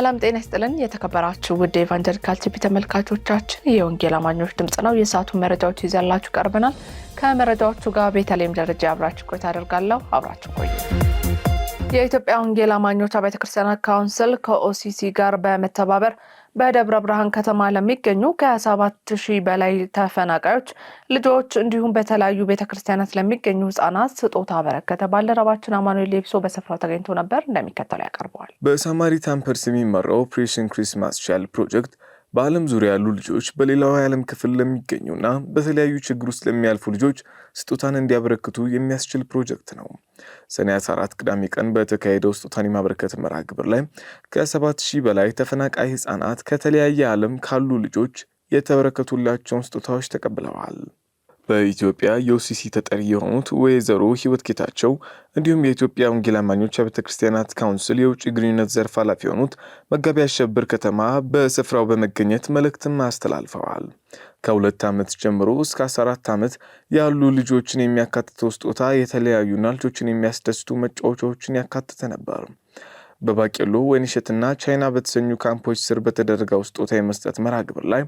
ሰላም ጤና ይስጥልን። የተከበራችሁ ውድ የኢቫንጀሊካል ቲቪ ተመልካቾቻችን የወንጌል አማኞች ድምጽ ነው። የሰዓቱ መረጃዎች ይዘላችሁ ቀርበናል። ከመረጃዎቹ ጋር በተለይም ደረጃ አብራችሁ ቆይት አደርጋለሁ። አብራችሁ ቆዩ። የኢትዮጵያ ወንጌል አማኞች ቤተክርስቲያን ካውንስል ከኦሲሲ ጋር በመተባበር በደብረ ብርሃን ከተማ ለሚገኙ ከ27 ሺህ በላይ ተፈናቃዮች ልጆች እንዲሁም በተለያዩ ቤተክርስቲያናት ለሚገኙ ህጻናት ስጦታ አበረከተ። ባልደረባችን አማኑኤል ሌብሶ በስፍራው ተገኝቶ ነበር፣ እንደሚከተለው ያቀርበዋል። በሳማሪታን ፐርስ የሚመራው ኦፕሬሽን ክሪስማስ ቻይልድ ፕሮጀክት በዓለም ዙሪያ ያሉ ልጆች በሌላው የዓለም ክፍል ለሚገኙና በተለያዩ ችግር ውስጥ ለሚያልፉ ልጆች ስጦታን እንዲያበረክቱ የሚያስችል ፕሮጀክት ነው። ሰኔ 14 ቅዳሜ ቀን በተካሄደው ስጦታን የማበረከት መርሃ ግብር ላይ ከ7 ሺህ በላይ ተፈናቃይ ህጻናት ከተለያየ ዓለም ካሉ ልጆች የተበረከቱላቸውን ስጦታዎች ተቀብለዋል። በኢትዮጵያ የኦሲሲ ተጠሪ የሆኑት ወይዘሮ ህይወት ጌታቸው እንዲሁም የኢትዮጵያ ወንጌል አማኞች አብያተ ክርስቲያናት ካውንስል የውጭ ግንኙነት ዘርፍ ኃላፊ የሆኑት መጋቢ አሸብር ከተማ በስፍራው በመገኘት መልእክትም አስተላልፈዋል። ከሁለት ዓመት ጀምሮ እስከ 14 ዓመት ያሉ ልጆችን የሚያካትተው ስጦታ የተለያዩና ልጆችን የሚያስደስቱ መጫወቻዎችን ያካተተ ነበር። በባቄሎ ወይንሸትና ቻይና በተሰኙ ካምፖች ስር በተደረገ ስጦታ የመስጠት መርሃ ግብር ላይ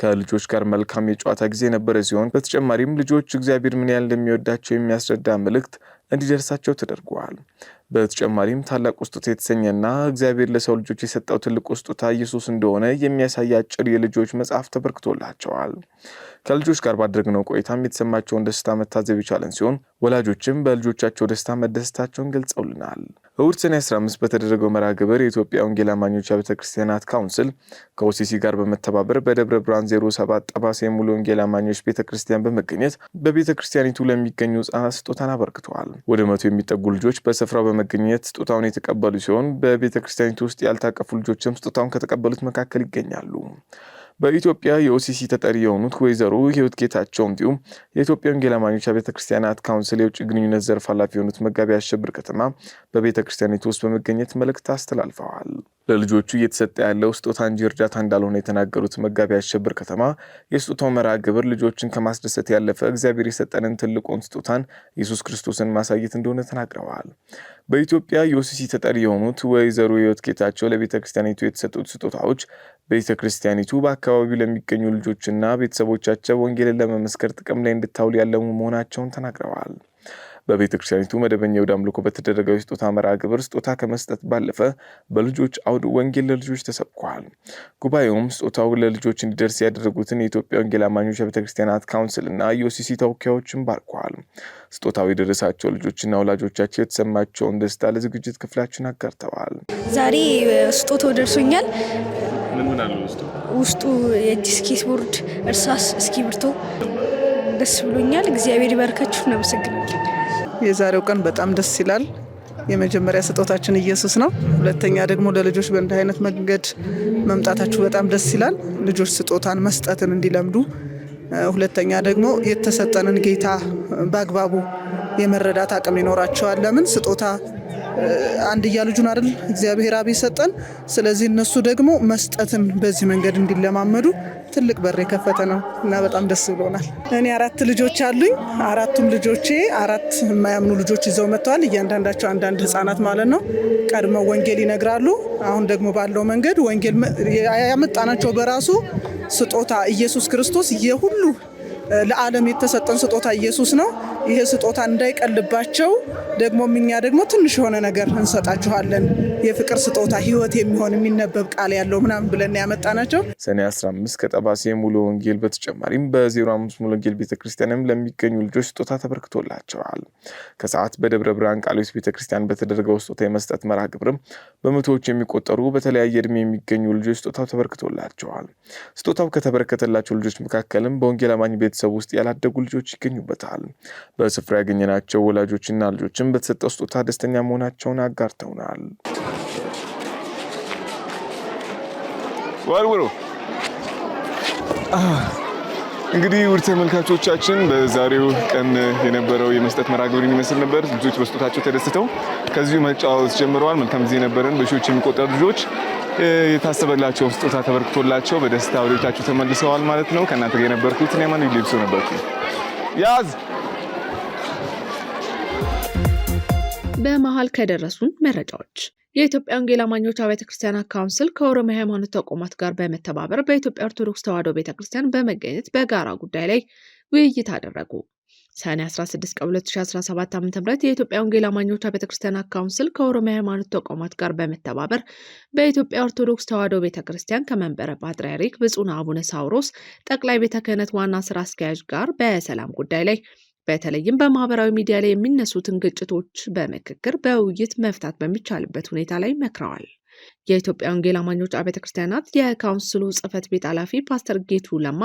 ከልጆች ጋር መልካም የጨዋታ ጊዜ የነበረ ሲሆን በተጨማሪም ልጆች እግዚአብሔር ምን ያህል እንደሚወዳቸው የሚያስረዳ መልእክት እንዲደርሳቸው ተደርገዋል። በተጨማሪም ታላቁ ስጦታ የተሰኘና እግዚአብሔር ለሰው ልጆች የሰጠው ትልቁ ስጦታ ኢየሱስ እንደሆነ የሚያሳይ አጭር የልጆች መጽሐፍ ተበርክቶላቸዋል። ከልጆች ጋር ባደረግነው ቆይታም የተሰማቸውን ደስታ መታዘብ የቻለን ሲሆን ወላጆችም በልጆቻቸው ደስታ መደሰታቸውን ገልጸውልናል። እሁድ ሰኔ 15 በተደረገው መርሃ ግብር የኢትዮጵያ ወንጌል አማኞች አብያተ ክርስቲያናት ካውንስል ከኦሲሲ ጋር በመተባበር በደብረ ብርሃን 07 ጠባሴ የሙሉ ወንጌል አማኞች ቤተ ክርስቲያን በመገኘት በቤተ ክርስቲያኒቱ ለሚገኙ ህጻናት ስጦታን አበርክተዋል። ወደ መቶ የሚጠጉ ልጆች በስፍራው በመገኘት ስጦታውን የተቀበሉ ሲሆን በቤተ ክርስቲያኒቱ ውስጥ ያልታቀፉ ልጆችም ስጦታውን ከተቀበሉት መካከል ይገኛሉ። በኢትዮጵያ የኦሲሲ ተጠሪ የሆኑት ወይዘሮ ህይወት ጌታቸው እንዲሁም የኢትዮጵያ ወንጌል አማኞች ቤተ ክርስቲያናት ካውንስል የውጭ ግንኙነት ዘርፍ ኃላፊ የሆኑት መጋቢ አሸብር ከተማ በቤተክርስቲያኒቱ ውስጥ በመገኘት መልእክት አስተላልፈዋል። ለልጆቹ እየተሰጠ ያለው ስጦታ እንጂ እርዳታ እንዳልሆነ የተናገሩት መጋቢ አሸብር ከተማ የስጦታው መርሃ ግብር ልጆችን ከማስደሰት ያለፈ እግዚአብሔር የሰጠንን ትልቁን ስጦታን ኢየሱስ ክርስቶስን ማሳየት እንደሆነ ተናግረዋል። በኢትዮጵያ የኦሲሲ ተጠሪ የሆኑት ወይዘሮ ህይወት ጌታቸው ለቤተ ክርስቲያኒቱ የተሰጡት ስጦታዎች ቤተ ክርስቲያኒቱ በአካባቢው ለሚገኙ ልጆችና ቤተሰቦቻቸው ወንጌልን ለመመስከር ጥቅም ላይ እንድታውል ያለሙ መሆናቸውን ተናግረዋል። በቤተ ክርስቲያኒቱ መደበኛ ወደ አምልኮ በተደረገው የስጦታ መርሃ ግብር ስጦታ ከመስጠት ባለፈ በልጆች አውድ ወንጌል ለልጆች ተሰብኳል። ጉባኤውም ስጦታው ለልጆች እንዲደርስ ያደረጉትን የኢትዮጵያ ወንጌል አማኞች የቤተ ክርስቲያናት ካውንስልና የኦሲሲ ተወካዮችን ባርኳል። ስጦታው የደረሳቸው ልጆችና ወላጆቻቸው የተሰማቸውን ደስታ ለዝግጅት ክፍላችን አጋርተዋል። ዛሬ ስጦታው ደርሶኛል። ምን ምን አለው ውስጡ? ውስጡ የእጅ ስኬትቦርድ፣ እርሳስ፣ እስክሪብቶ። ደስ ብሎኛል። እግዚአብሔር ይባርካችሁ። እናመሰግናለን። የዛሬው ቀን በጣም ደስ ይላል። የመጀመሪያ ስጦታችን ኢየሱስ ነው። ሁለተኛ ደግሞ ለልጆች በእንዲህ አይነት መንገድ መምጣታችሁ በጣም ደስ ይላል። ልጆች ስጦታን መስጠትን እንዲለምዱ፣ ሁለተኛ ደግሞ የተሰጠንን ጌታ በአግባቡ የመረዳት አቅም ይኖራቸዋል። ለምን ስጦታ አንድያ ልጁን አይደል እግዚአብሔር አብ ሰጠን። ስለዚህ እነሱ ደግሞ መስጠትን በዚህ መንገድ እንዲለማመዱ ትልቅ በር የከፈተ ነው እና በጣም ደስ ብሎናል። እኔ አራት ልጆች አሉኝ። አራቱም ልጆቼ አራት የማያምኑ ልጆች ይዘው መጥተዋል። እያንዳንዳቸው አንዳንድ ህጻናት ማለት ነው። ቀድመው ወንጌል ይነግራሉ። አሁን ደግሞ ባለው መንገድ ወንጌል ያመጣናቸው በራሱ ስጦታ ኢየሱስ ክርስቶስ የሁሉ ለዓለም የተሰጠን ስጦታ ኢየሱስ ነው። ይሄ ስጦታ እንዳይቀልባቸው ደግሞ እኛ ደግሞ ትንሽ የሆነ ነገር እንሰጣችኋለን የፍቅር ስጦታ ህይወት የሚሆን የሚነበብ ቃል ያለው ምናምን ብለን ያመጣ ናቸው። ሰኔ 15 ከጠባሴ ሙሉ ወንጌል በተጨማሪም በ05 ሙሉ ወንጌል ቤተክርስቲያንም ለሚገኙ ልጆች ስጦታ ተበርክቶላቸዋል። ከሰዓት በደብረ ብርሃን ቃልዮስ ቤተክርስቲያን በተደረገው ስጦታ የመስጠት መርሃ ግብርም በመቶዎች የሚቆጠሩ በተለያየ እድሜ የሚገኙ ልጆች ስጦታ ተበርክቶላቸዋል። ስጦታው ከተበረከተላቸው ልጆች መካከልም በወንጌል አማኝ ቤተሰብ ውስጥ ያላደጉ ልጆች ይገኙበታል። በስፍራ ያገኘናቸው ወላጆችና ልጆችም በዓለም በተሰጠው ስጦታ ደስተኛ መሆናቸውን አጋርተውናል። ወርውሩ እንግዲህ ውድ ተመልካቾቻችን በዛሬው ቀን የነበረው የመስጠት መርሃ ግብርን ይመስል ነበር። ልጆች በስጦታቸው ተደስተው ከዚሁ መጫወት ጀምረዋል። መልካም ጊዜ ነበረን። በሺዎች የሚቆጠሩ ልጆች የታሰበላቸውን ስጦታ ተበርክቶላቸው በደስታ ወደ ቤታቸው ተመልሰዋል ማለት ነው። ከእናንተ ጋር የነበርኩት እኔ ሊብሶ ነበርኩ ያዝ በመሃል ከደረሱን መረጃዎች የኢትዮጵያ ወንጌል አማኞች አብያተ ክርስቲያናት ካውንስል ከኦሮሚያ ሃይማኖት ተቋማት ጋር በመተባበር በኢትዮጵያ ኦርቶዶክስ ተዋሕዶ ቤተ ክርስቲያን በመገኘት በጋራ ጉዳይ ላይ ውይይት አደረጉ። ሰኔ 16 ቀን 2017 ዓ ም የኢትዮጵያ ወንጌል አማኞች አብያተ ክርስቲያናት ካውንስል ከኦሮሚያ ሃይማኖት ተቋማት ጋር በመተባበር በኢትዮጵያ ኦርቶዶክስ ተዋሕዶ ቤተ ክርስቲያን ከመንበረ ፓትርያርክ ብፁዕ አቡነ ሳውሮስ ጠቅላይ ቤተ ክህነት ዋና ስራ አስኪያጅ ጋር በሰላም ጉዳይ ላይ በተለይም በማህበራዊ ሚዲያ ላይ የሚነሱትን ግጭቶች በምክክር በውይይት መፍታት በሚቻልበት ሁኔታ ላይ መክረዋል። የኢትዮጵያ ወንጌል አማኞች አብያተ ክርስቲያናት የካውንስሉ ጽህፈት ቤት ኃላፊ ፓስተር ጌቱ ለማ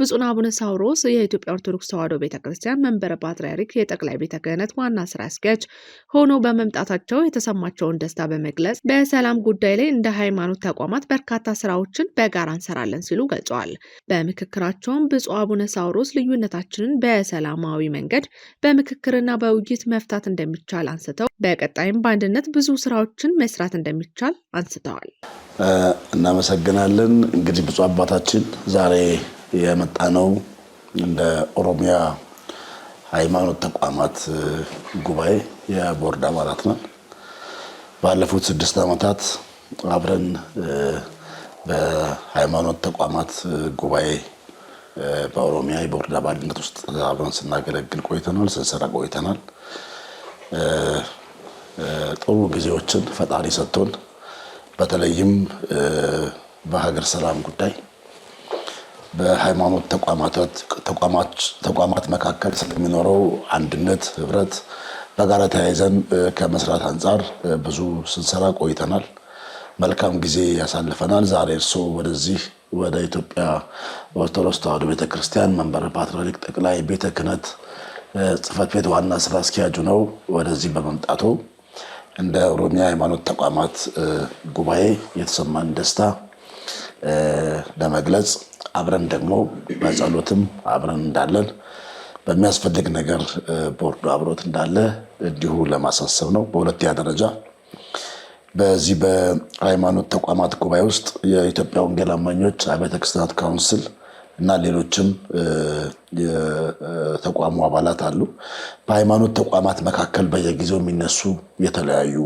ብፁዕን አቡነ ሳውሮስ የኢትዮጵያ ኦርቶዶክስ ተዋሕዶ ቤተ ክርስቲያን መንበረ ፓትርያርክ የጠቅላይ ቤተ ክህነት ዋና ስራ አስኪያጅ ሆኖ በመምጣታቸው የተሰማቸውን ደስታ በመግለጽ በሰላም ጉዳይ ላይ እንደ ሃይማኖት ተቋማት በርካታ ስራዎችን በጋራ እንሰራለን ሲሉ ገልጸዋል። በምክክራቸውም ብፁዕ አቡነ ሳውሮስ ልዩነታችንን በሰላማዊ መንገድ በምክክርና በውይይት መፍታት እንደሚቻል አንስተው በቀጣይም በአንድነት ብዙ ስራዎችን መስራት እንደሚቻል አንስተው አንስተዋል። እናመሰግናለን። እንግዲህ ብዙ አባታችን ዛሬ የመጣ ነው እንደ ኦሮሚያ ሃይማኖት ተቋማት ጉባኤ የቦርድ አባላት ነን። ባለፉት ስድስት ዓመታት አብረን በሃይማኖት ተቋማት ጉባኤ በኦሮሚያ የቦርድ አባልነት ውስጥ አብረን ስናገለግል ቆይተናል፣ ስንሰራ ቆይተናል። ጥሩ ጊዜዎችን ፈጣሪ ሰጥቶን በተለይም በሀገር ሰላም ጉዳይ በሃይማኖት ተቋማት መካከል ስለሚኖረው አንድነት፣ ህብረት በጋራ ተያይዘን ከመስራት አንጻር ብዙ ስንሰራ ቆይተናል። መልካም ጊዜ ያሳልፈናል። ዛሬ እርስዎ ወደዚህ ወደ ኢትዮጵያ ኦርቶዶክስ ተዋሕዶ ቤተክርስቲያን መንበረ ፓትርያርክ ጠቅላይ ቤተ ክህነት ጽሕፈት ቤት ዋና ስራ አስኪያጁ ነው ወደዚህ በመምጣቱ እንደ ኦሮሚያ ሃይማኖት ተቋማት ጉባኤ የተሰማን ደስታ ለመግለጽ አብረን ደግሞ በጸሎትም አብረን እንዳለን በሚያስፈልግ ነገር ቦርዱ አብሮት እንዳለ እንዲሁ ለማሳሰብ ነው። በሁለተኛ ደረጃ በዚህ በሃይማኖት ተቋማት ጉባኤ ውስጥ የኢትዮጵያ ወንጌል አማኞች አብያተ ክርስቲያናት ካውንስል እና ሌሎችም የተቋሙ አባላት አሉ። በሃይማኖት ተቋማት መካከል በየጊዜው የሚነሱ የተለያዩ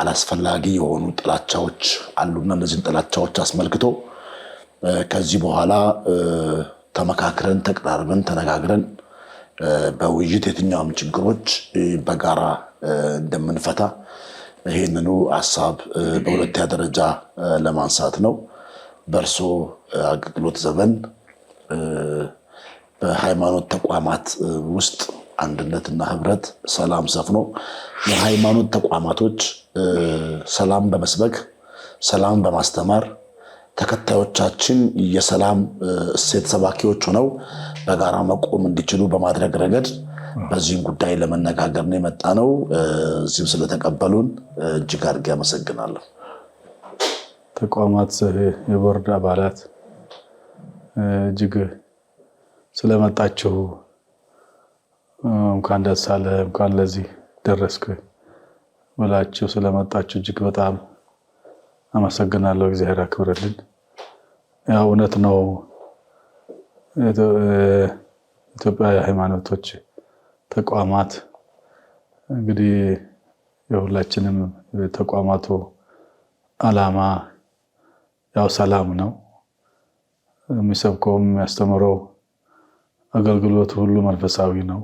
አላስፈላጊ የሆኑ ጥላቻዎች አሉና እነዚህን ጥላቻዎች አስመልክቶ ከዚህ በኋላ ተመካክረን ተቀራርበን ተነጋግረን በውይይት የትኛውም ችግሮች በጋራ እንደምንፈታ ይህንኑ ሀሳብ በሁለተኛ ደረጃ ለማንሳት ነው። በእርሶ አገልግሎት ዘመን በሃይማኖት ተቋማት ውስጥ አንድነትና ህብረት፣ ሰላም ሰፍኖ የሃይማኖት ተቋማቶች ሰላም በመስበክ ሰላም በማስተማር ተከታዮቻችን የሰላም እሴት ሰባኪዎች ሆነው በጋራ መቆም እንዲችሉ በማድረግ ረገድ በዚህም ጉዳይ ለመነጋገር ነው የመጣ ነው። እዚህም ስለተቀበሉን እጅግ አድርጌ አመሰግናለሁ። ተቋማት የቦርድ አባላት እጅግ ስለመጣችሁ እንኳን ደስ አለ እንኳን ለዚህ ደረስክ ብላችሁ ስለመጣችሁ እጅግ በጣም አመሰግናለሁ። እግዚአብሔር አክብርልን። ያው እውነት ነው ኢትዮጵያ የሃይማኖቶች ተቋማት እንግዲህ የሁላችንም ተቋማቱ ዓላማ ያው ሰላም ነው። የሚሰብከውም የሚያስተምረው አገልግሎት ሁሉ መንፈሳዊ ነው።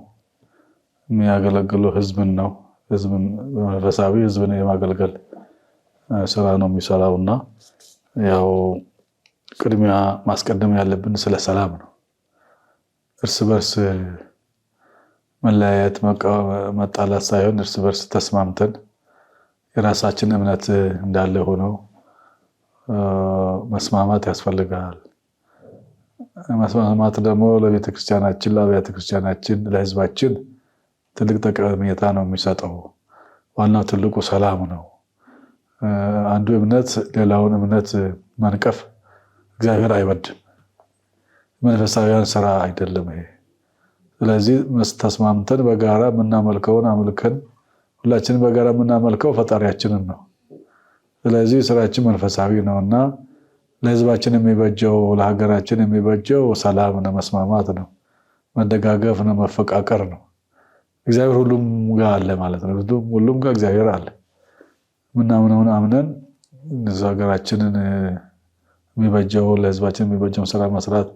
የሚያገለግለው ህዝብን ነው። ህዝብን ህዝብን የማገልገል ስራ ነው የሚሰራው እና ያው ቅድሚያ ማስቀደም ያለብን ስለ ሰላም ነው። እርስ በርስ መለያየት፣ መጣላት ሳይሆን እርስ በርስ ተስማምተን የራሳችን እምነት እንዳለ ሆነው መስማማት ያስፈልጋል። መስማማት ደግሞ ለቤተክርስቲያናችን፣ ለአብያተ ክርስቲያናችን፣ ለህዝባችን ትልቅ ጠቀሜታ ነው የሚሰጠው። ዋናው ትልቁ ሰላም ነው። አንዱ እምነት ሌላውን እምነት መንቀፍ እግዚአብሔር አይወድም። መንፈሳዊያን ስራ አይደለም ይሄ። ስለዚህ ተስማምተን በጋራ የምናመልከውን አምልከን ሁላችንም በጋራ የምናመልከው ፈጣሪያችንን ነው። ስለዚህ ስራችን መንፈሳዊ ነውና ለህዝባችን የሚበጀው ለሀገራችን የሚበጀው ሰላም ነው፣ መስማማት ነው፣ መደጋገፍ ነው፣ መፈቃቀር ነው። እግዚአብሔር ሁሉም ጋር አለ ማለት ነው። ሁሉም ጋር እግዚአብሔር አለ። ምናምነውን አምነን ሀገራችንን የሚበጀው ለህዝባችን የሚበጀውን ስራ መስራት፣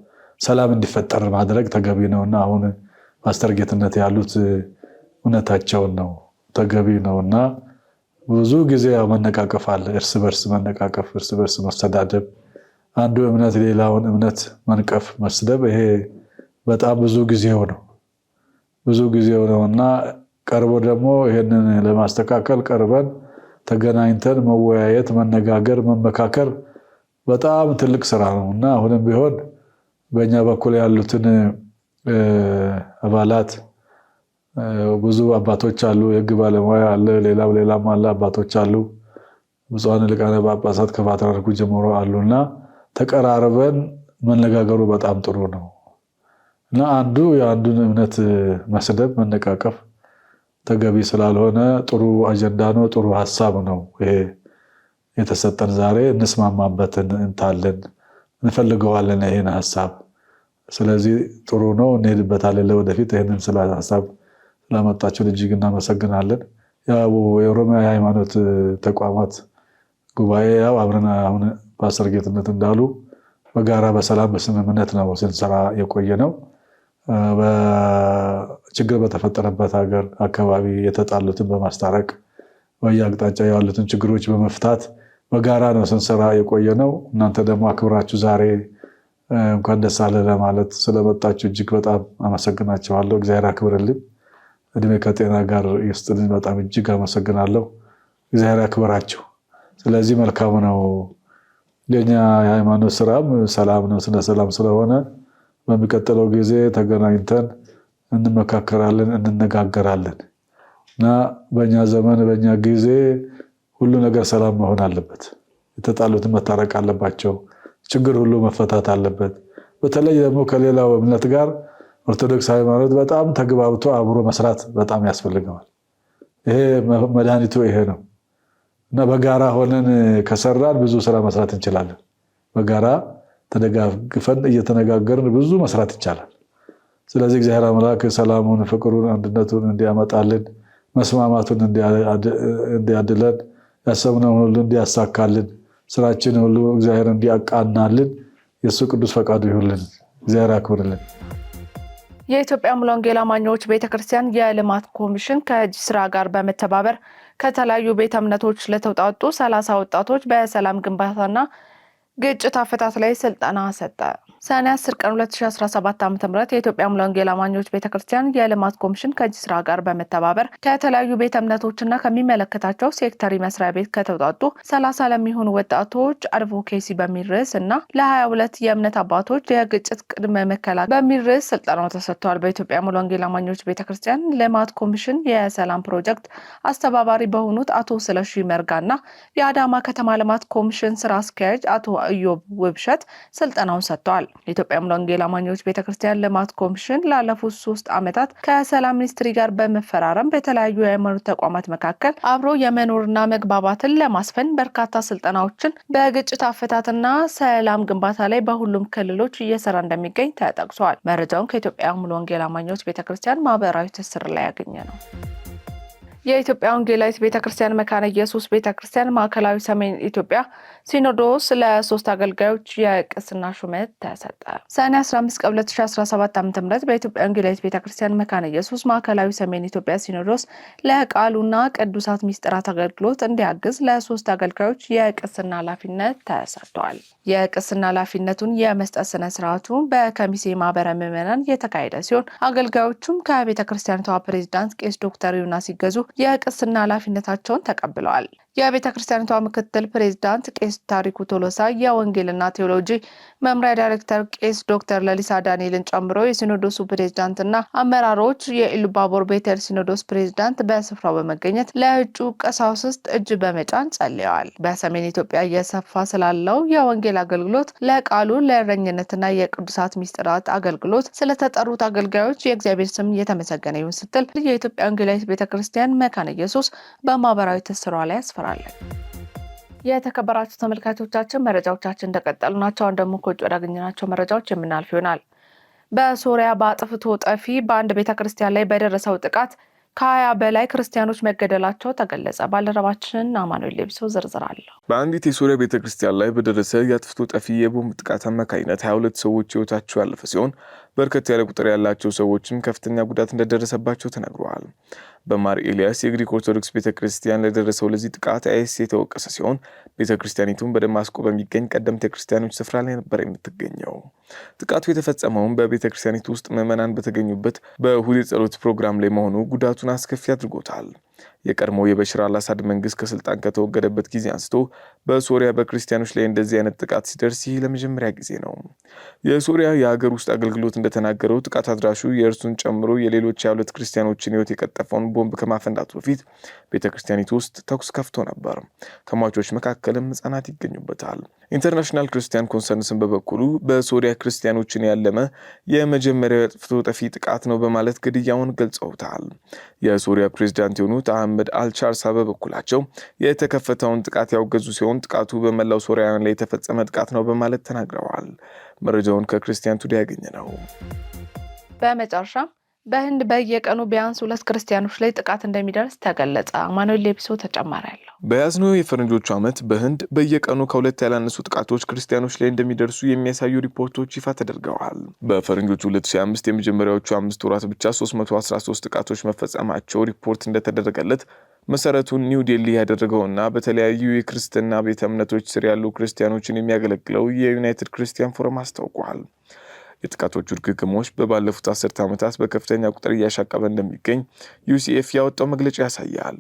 ሰላም እንዲፈጠር ማድረግ ተገቢ ነው እና አሁን ፓስተር ጌትነት ያሉት እውነታቸውን ነው፣ ተገቢ ነው እና ብዙ ጊዜ መነቃቀፍ አለ፣ እርስ በርስ መነቃቀፍ፣ እርስ በርስ መስተዳደብ፣ አንዱ እምነት ሌላውን እምነት መንቀፍ፣ መስደብ ይሄ በጣም ብዙ ጊዜው ነው ብዙ ጊዜው ነው እና ቀርቦ ደግሞ ይህንን ለማስተካከል ቀርበን ተገናኝተን መወያየት፣ መነጋገር፣ መመካከር በጣም ትልቅ ስራ ነው እና አሁንም ቢሆን በእኛ በኩል ያሉትን አባላት ብዙ አባቶች አሉ፣ የህግ ባለሙያ አለ፣ ሌላም ሌላም አለ፣ አባቶች አሉ፣ ብፁዓን ሊቃነ ጳጳሳት ከፓትርያርኩ ጀምሮ አሉና ተቀራርበን መነጋገሩ በጣም ጥሩ ነው እና አንዱ የአንዱን እምነት መስደብ፣ መነቃቀፍ ተገቢ ስላልሆነ ጥሩ አጀንዳ ነው፣ ጥሩ ሀሳብ ነው። ይሄ የተሰጠን ዛሬ እንስማማበትን እንታለን፣ እንፈልገዋለን ይህን ሀሳብ። ስለዚህ ጥሩ ነው፣ እንሄድበታለን ለወደፊት። ይህንን ስለ ሀሳብ ስላመጣችሁን እጅግ እናመሰግናለን። የኦሮሚያ የሃይማኖት ተቋማት ጉባኤ ያው አብረን አሁን ፓስተር ጌትነት እንዳሉ በጋራ በሰላም በስምምነት ነው ስንሰራ የቆየ ነው። ችግር በተፈጠረበት ሀገር አካባቢ የተጣሉትን በማስታረቅ በየአቅጣጫ ያሉትን ችግሮች በመፍታት በጋራ ነው ስንሰራ የቆየ ነው። እናንተ ደግሞ አክብራችሁ ዛሬ እንኳን ደስ አለ ለማለት ስለመጣችሁ እጅግ በጣም አመሰግናችኋለሁ። እግዚአብሔር አክብርልኝ፣ እድሜ ከጤና ጋር ይስጥልኝ። በጣም እጅግ አመሰግናለሁ። እግዚአብሔር አክብራችሁ። ስለዚህ መልካም ነው የኛ የሃይማኖት ስራም ሰላም ነው። ስለ ሰላም ስለሆነ በሚቀጥለው ጊዜ ተገናኝተን እንመካከራለን፣ እንነጋገራለን እና በእኛ ዘመን በእኛ ጊዜ ሁሉ ነገር ሰላም መሆን አለበት። የተጣሉትን መታረቅ አለባቸው። ችግር ሁሉ መፈታት አለበት። በተለይ ደግሞ ከሌላው እምነት ጋር ኦርቶዶክስ ሃይማኖት በጣም ተግባብቶ አብሮ መስራት በጣም ያስፈልገዋል። ይሄ መድኃኒቱ ይሄ ነው። እና በጋራ ሆነን ከሰራን ብዙ ስራ መስራት እንችላለን። በጋራ ተደጋግፈን እየተነጋገርን ብዙ መስራት ይቻላል። ስለዚህ እግዚአብሔር አምላክ ሰላሙን፣ ፍቅሩን፣ አንድነቱን እንዲያመጣልን መስማማቱን እንዲያድለን ያሰብነውን ሁሉ እንዲያሳካልን ስራችን ሁሉ እግዚአብሔር እንዲያቃናልን የእሱ ቅዱስ ፈቃዱ ይሁልን። እግዚአብሔር አክብርልን። የኢትዮጵያ ሙሉ ወንጌል አማኞች ቤተክርስቲያን የልማት ኮሚሽን ከእጅ ስራ ጋር በመተባበር ከተለያዩ ቤተ እምነቶች ለተውጣጡ ሰላሳ ወጣቶች በሰላም ግንባታና ግጭት አፈታት ላይ ስልጠና ሰጠ። ሰኔ 10 ቀን 2017 ም የኢትዮጵያ ሙሉ ወንጌል አማኞች ቤተክርስቲያን የልማት ኮሚሽን ከእጅ ስራ ጋር በመተባበር ከተለያዩ ቤተ እምነቶችና ከሚመለከታቸው ሴክተሪ መስሪያ ቤት ከተውጣጡ 30 ለሚሆኑ ወጣቶች አድቮኬሲ በሚል ርዕስ እና ለ22 የእምነት አባቶች የግጭት ቅድመ መከላከል በሚል ርዕስ ስልጠናው ተሰጥተዋል። በኢትዮጵያ ሙሉ ወንጌል አማኞች ቤተክርስቲያን ልማት ኮሚሽን የሰላም ፕሮጀክት አስተባባሪ በሆኑት አቶ ስለሺ ና የአዳማ ከተማ ልማት ኮሚሽን ስራ አስኪያጅ አቶ እዮብ ውብሸት ስልጠናውን ሰጥተዋል። የኢትዮጵያ ሙሉ ወንጌል አማኞች ቤተክርስቲያን ልማት ኮሚሽን ላለፉት ሶስት ዓመታት ከሰላም ሚኒስትሪ ጋር በመፈራረም በተለያዩ የሃይማኖት ተቋማት መካከል አብሮ የመኖርና መግባባትን ለማስፈን በርካታ ስልጠናዎችን በግጭት አፈታትና ሰላም ግንባታ ላይ በሁሉም ክልሎች እየሰራ እንደሚገኝ ተጠቅሷል። መረጃውን ከኢትዮጵያ ሙሉ ወንጌል አማኞች ቤተክርስቲያን ማህበራዊ ትስስር ላይ ያገኘ ነው። የኢትዮጵያ ወንጌላዊት ቤተ ክርስቲያን መካነ ኢየሱስ ቤተ ክርስቲያን ማዕከላዊ ሰሜን ኢትዮጵያ ሲኖዶስ ለሶስት አገልጋዮች የቅስና ሹመት ተሰጠ። ሰኔ 15 ቀን 2017 ዓ.ም በኢትዮጵያ ወንጌላዊት ቤተ ክርስቲያን መካነ ኢየሱስ ማዕከላዊ ሰሜን ኢትዮጵያ ሲኖዶስ ለቃሉና ቅዱሳት ሚስጥራት አገልግሎት እንዲያግዝ ለሶስት አገልጋዮች የቅስና ኃላፊነት ተሰጥቷል። የቅስና ኃላፊነቱን የመስጠት ስነ ስርዓቱ በከሚሴ ማህበረ ምዕመናን የተካሄደ ሲሆን አገልጋዮቹም ከቤተ ክርስቲያኒቷ ፕሬዚዳንት ቄስ ዶክተር ዮናስ ሲገዙ የቅስና ኃላፊነታቸውን ተቀብለዋል። የቤተ ክርስቲያኒቷ ምክትል ፕሬዚዳንት ቄስ ታሪኩ ቶሎሳ፣ የወንጌልና ቴዎሎጂ መምሪያ ዳይሬክተር ቄስ ዶክተር ለሊሳ ዳንኤልን ጨምሮ የሲኖዶሱ ፕሬዚዳንትና አመራሮች፣ የኢሉባቦር ቤተል ሲኖዶስ ፕሬዚዳንት በስፍራው በመገኘት ለእጩ ቀሳውስት እጅ በመጫን ጸልየዋል። በሰሜን ኢትዮጵያ እየሰፋ ስላለው የወንጌል አገልግሎት፣ ለቃሉ ለእረኝነትና የቅዱሳት ሚስጥራት አገልግሎት ስለተጠሩት አገልጋዮች የእግዚአብሔር ስም እየተመሰገነ ይሁን ስትል የኢትዮጵያ ወንጌላዊት ቤተ ክርስቲያን መካነ ኢየሱስ በማህበራዊ ትስሯ ላይ አስፈ እናተኩራለን። የተከበራችሁ ተመልካቾቻችን መረጃዎቻችን እንደቀጠሉ ናቸው። አሁን ደግሞ ከውጭ ወዳገኘናቸው መረጃዎች የምናልፍ ይሆናል። በሶሪያ በአጥፍቶ ጠፊ በአንድ ቤተ ክርስቲያን ላይ በደረሰው ጥቃት ከሀያ በላይ ክርስቲያኖች መገደላቸው ተገለጸ። ባልደረባችን አማኑኤል ሌብሶ ዝርዝር አለው። በአንዲት የሶሪያ ቤተ ክርስቲያን ላይ በደረሰ የአጥፍቶ ጠፊ የቦምብ ጥቃት አማካኝነት 22 ሰዎች ህይወታቸው ያለፈ ሲሆን በርከት ያለ ቁጥር ያላቸው ሰዎችም ከፍተኛ ጉዳት እንደደረሰባቸው ተነግረዋል። በማር ኤልያስ የግሪክ ኦርቶዶክስ ቤተ ክርስቲያን ለደረሰው ለዚህ ጥቃት አይስ የተወቀሰ ሲሆን ቤተ ክርስቲያኒቱን በደማስቆ በሚገኝ ቀደምት የክርስቲያኖች ስፍራ ላይ ነበር የምትገኘው። ጥቃቱ የተፈጸመውን በቤተ ክርስቲያኒቱ ውስጥ ምዕመናን በተገኙበት በእሁድ የጸሎት ፕሮግራም ላይ መሆኑ ጉዳቱን አስከፊ አድርጎታል። የቀድሞ የበሽር አላሳድ መንግስት ከስልጣን ከተወገደበት ጊዜ አንስቶ በሶሪያ በክርስቲያኖች ላይ እንደዚህ አይነት ጥቃት ሲደርስ ይህ ለመጀመሪያ ጊዜ ነው። የሶሪያ የሀገር ውስጥ አገልግሎት እንደተናገረው ጥቃት አድራሹ የእርሱን ጨምሮ የሌሎች የሁለት ክርስቲያኖችን ሕይወት የቀጠፈውን ቦምብ ከማፈንዳቱ በፊት ቤተ ክርስቲያኒቱ ውስጥ ተኩስ ከፍቶ ነበር። ከሟቾች መካከልም ህጻናት ይገኙበታል። ኢንተርናሽናል ክርስቲያን ኮንሰርንስን በበኩሉ በሶሪያ ክርስቲያኖችን ያለመ የመጀመሪያው የአጥፍቶ ጠፊ ጥቃት ነው በማለት ግድያውን ገልጸውታል። የሶሪያ ፕሬዚዳንት የሆኑት አህመድ አልቻርሳ በበኩላቸው የተከፈተውን ጥቃት ያወገዙ ሲሆን ጥቃቱ በመላው ሶሪያውያን ላይ የተፈጸመ ጥቃት ነው በማለት ተናግረዋል። መረጃውን ከክርስቲያን ቱዲ ያገኘ ነው። በመጨረሻም በህንድ በየቀኑ ቢያንስ ሁለት ክርስቲያኖች ላይ ጥቃት እንደሚደርስ ተገለጸ። ማኖል ሌቢሶ ተጨማሪ ያለው። በያዝነው የፈረንጆቹ ዓመት በህንድ በየቀኑ ከሁለት ያላነሱ ጥቃቶች ክርስቲያኖች ላይ እንደሚደርሱ የሚያሳዩ ሪፖርቶች ይፋ ተደርገዋል። በፈረንጆቹ 2025 የመጀመሪያዎቹ አምስት ወራት ብቻ 313 ጥቃቶች መፈጸማቸው ሪፖርት እንደተደረገለት መሰረቱን ኒው ዴሊ ያደረገውና በተለያዩ የክርስትና ቤተ እምነቶች ስር ያሉ ክርስቲያኖችን የሚያገለግለው የዩናይትድ ክርስቲያን ፎረም አስታውቋል። የጥቃቶቹ ድግግሞች በባለፉት አስርተ ዓመታት በከፍተኛ ቁጥር እያሻቀበ እንደሚገኝ ዩሲኤፍ ያወጣው መግለጫ ያሳያል።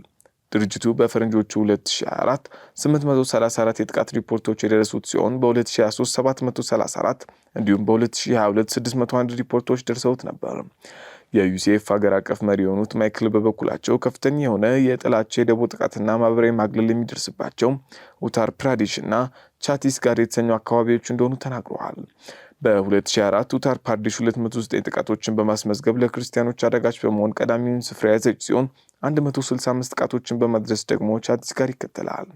ድርጅቱ በፈረንጆቹ 2024 834 የጥቃት ሪፖርቶች የደረሱት ሲሆን በ2023 734 እንዲሁም በ2022 601 ሪፖርቶች ደርሰውት ነበር። የዩሲኤፍ ሀገር አቀፍ መሪ የሆኑት ማይክል በበኩላቸው ከፍተኛ የሆነ የጥላቸው የደቦ ጥቃትና ማህበራዊ ማግለል የሚደርስባቸው ኡታር ፕራዴሽ እና ቻቲስ ጋር የተሰኙ አካባቢዎች እንደሆኑ ተናግረዋል። በ2004 ኡታር ፓርዲሽ 209 ጥቃቶችን በማስመዝገብ ለክርስቲያኖች አዳጋች በመሆን ቀዳሚውን ስፍራ ያዘች ሲሆን 165 ጥቃቶችን በማድረስ ደግሞ ቻዲስ ጋር ይከተላል።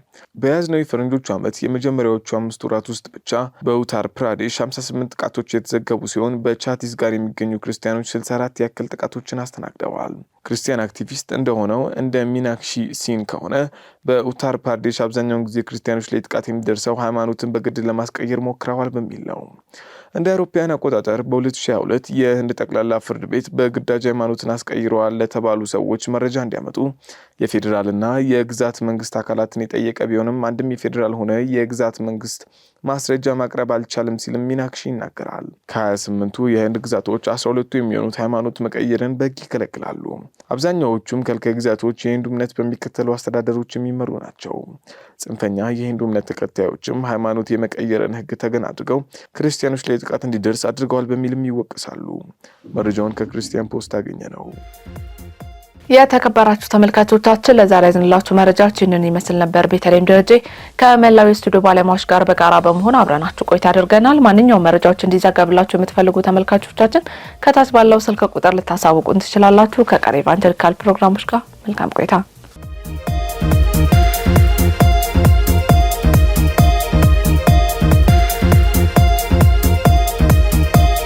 በያዝነው የፈረንጆቹ ዓመት የመጀመሪያዎቹ አምስት ወራት ውስጥ ብቻ በኡታር ፕራዴሽ 58 ጥቃቶች የተዘገቡ ሲሆን በቻዲስ ጋር የሚገኙ ክርስቲያኖች 64 ያክል ጥቃቶችን አስተናግደዋል። ክርስቲያን አክቲቪስት እንደሆነው እንደ ሚናክሺ ሲን ከሆነ በኡታር ፕራዴሽ አብዛኛውን ጊዜ ክርስቲያኖች ላይ ጥቃት የሚደርሰው ሃይማኖትን በግድ ለማስቀየር ሞክረዋል በሚል ነው። እንደ አውሮፓውያን አቆጣጠር በ2022 የህንድ ጠቅላላ ፍርድ ቤት በግዳጅ ሃይማኖትን አስቀይረዋል ለተባሉ ሰዎች መረጃ እንዲ እንዲያመጡ የፌዴራልና የግዛት መንግስት አካላትን የጠየቀ ቢሆንም አንድም የፌዴራል ሆነ የግዛት መንግስት ማስረጃ ማቅረብ አልቻለም ሲልም ሚናክሺ ይናገራል። 28 የህንድ ግዛቶች 12ቱ የሚሆኑት ሃይማኖት መቀየርን በህግ ይከለክላሉ። አብዛኛዎቹም ከልካይ ግዛቶች የህንዱ እምነት በሚከተሉ አስተዳደሮች የሚመሩ ናቸው። ጽንፈኛ የህንዱ እምነት ተከታዮችም ሃይማኖት የመቀየርን ህግ ተገን አድርገው ክርስቲያኖች ላይ ጥቃት እንዲደርስ አድርገዋል በሚልም ይወቅሳሉ። መረጃውን ከክርስቲያን ፖስት አገኘ ነው። የተከበራችሁ ተመልካቾቻችን ለዛሬ ያዝንላችሁ ይህንን ይመስል ነበር። ቤተልሔም ደረጀ ከመላው የስቱዲዮ ባለሙያዎች ጋር በጋራ በመሆን አብረናችሁ ቆይታ አድርገናል። ማንኛውም መረጃዎች እንዲዘገብላችሁ የምትፈልጉ ተመልካቾቻችን ከታች ባለው ስልክ ቁጥር ልታሳውቁን ትችላላችሁ። ከቀሪ ኢቫንጀሊካል ፕሮግራሞች ጋር መልካም ቆይታ